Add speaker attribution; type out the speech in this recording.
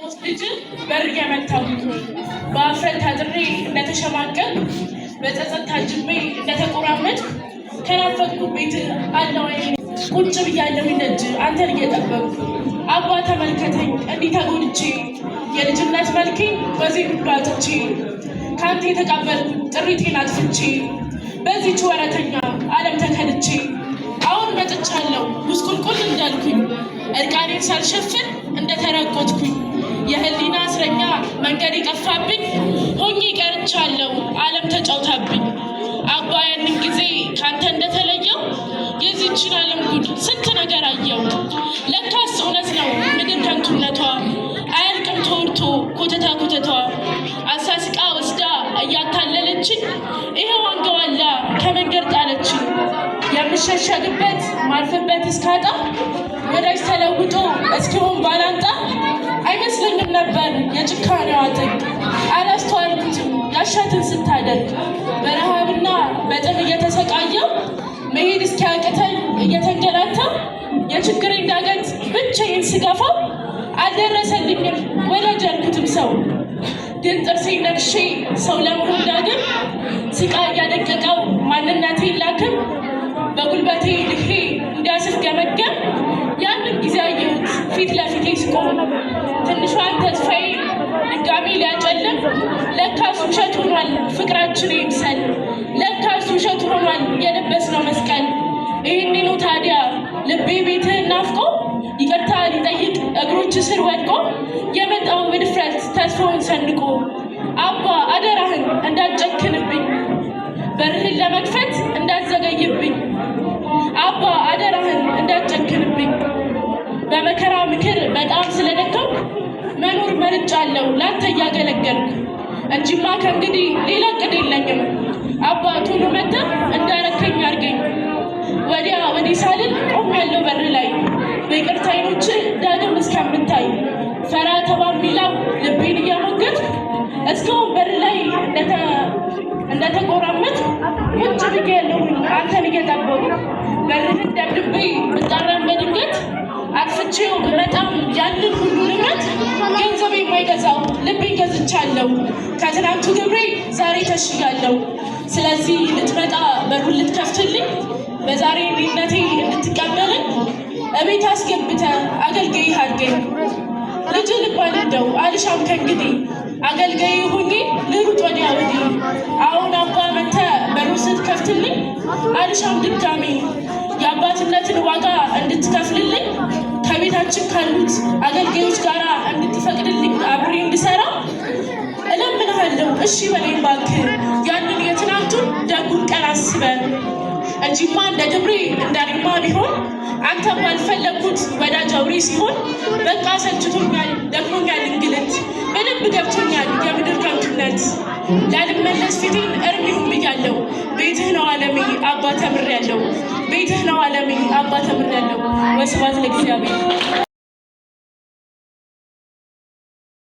Speaker 1: ሆስፒታል በር የመታው በአፍረት ታድሬ እንደተሸማቀቅ በጸጸት ታጅቤ እንደተቆራመድ ከናፈቅኩ ቤት አለው ቁጭ ብያለሁ ደጅ አንተን እየጠበቅኩ አባ ተመልከተኝ እንዲህ ተጎድቼ የልጅነት መልኬ በዚህ ሁሉ አጥቼ ከአንተ የተቀበልኩ ጥሪቴን አጥፍቼ በዚች ወረተኛ ዓለም ተከልቼ አሁን መጥቻለሁ ጉስቁልቁል እንዳልኩኝ እርቃኔን ሳልሸፍን እንደተረጎጥኩኝ የህሊና እስረኛ መንገድ የጠፋብኝ ሆኜ ቀርቻለሁ። ዓለም ተጫውታብኝ ያንን ጊዜ ካንተ እንደተለየው የዚችን ዓለም ጉድ ስንት ነገር አየው። ለካስ እውነት ነው ምድር ከንቱነቷ አያልቅም ተወርቶ ኮተታ ኮተቷ አሳስቃ ወስዳ እያታለለችኝ ይኸው አንገዋላ ከመንገድ ጣለችኝ። የምሸሸግበት ማልፍበት እስካጣ ወዳጅ ተለውጦ እስኪሆን ባላንጣ ነበር የጭካኔዋ ጥግ። አላስተዋልኩትም ያሻትን ስታደርግ በረሃብና በጥም እየተሰቃየው መሄድ እስኪያቅተኝ እየተንገላተው የችግሬን ዳገት ብቻዬን ስገፋው አልደረሰልኝም ወላጅ ያልኩትም ሰው ግን ጥርሴን ነክሼ ሰው ለመሆን ዳግም ስቃ እያደቀቀው ማንነቴን ላክም በጉልበቴ ልሄ እንዲያስፍ ገመገም ለካስ ውሸት ሆኗል ፍቅራችን ይብሰል። ለካስ ውሸት ሆኗል የለበስነው መስቀል። ይህንኑ ታዲያ ልቤ ቤትህን ናፍቆ ይቅርታ ሊጠይቅ እግሮች ስር ወድቆ የመጣው በድፍረት ተስፋውን ሰንቆ አባ አደራህን እንዳጨክንብኝ በርህን ለመክፈት ሰርቻለሁ ላንተ እያገለገልኩ እንጂማ ከእንግዲህ ሌላ እቅድ የለኝም። አባቱን መጥተህ እንዳረከኝ አድርገኝ። ወዲያ ወዲህ ሳልል ያለው በር ላይ በይቅርታ ዳግም እስከምታይ ፈራ ተባ የሚለው ልቤን እያሞገት እስካሁን በር ላይ እንደተቆራመት ቁጭ ብዬ ያለሁኝ አንተን እየጠበቁ በርህን ደብድቤ ብጣራን በድንገት አቅፍቼው በጣም ያንን ሁሉ የማይገዛው ልቤን ገዝቻለሁ። ከትናንቱ ግብሬ ዛሬ ተሽያለሁ። ስለዚህ ልትመጣ በሩን ልትከፍትልኝ በዛሬ ቤነቴ እንድትቀበልን እቤት አስገብተ አገልጋይ አድርገኝ። ልጅ ልባል እንደው አልሻም ከእንግዲህ አገልጋይ ሁኚ ልሩጥ ወዲያ ወዲህ። አሁን አባ መተ በሩ ስትከፍትልኝ አልሻም ድጋሜ የአባትነትን ዋጋ እንድትከፍልልኝ ከቤታችን ካሉት አገልጋዮች ጋር እንድትፈቅድልኝ አብሬ እንድሰራ እለምንሃለሁ። እሺ በለኝ እባክህ። ያንን የትናንቱን ደጉን ቀን አስበን እንጂማ እንደ ግብሬ እንዳሪማ ቢሆን አንተ አልፈለግኩት ወዳጅ አውሬ ሲሆን በቃ ሰልችቶኛል፣ ደክሞኛል፣ እንግልት በደንብ ገብቶኛል የምድር ከብትነት ላልመለስ ፊቴን እርም ብያለው። ቤትህ ነው አለሜ አባ ተምሬያለሁ። ቤትህ ነው ዓለም አባ ተምር ያለው ወስብሐት ለእግዚአብሔር።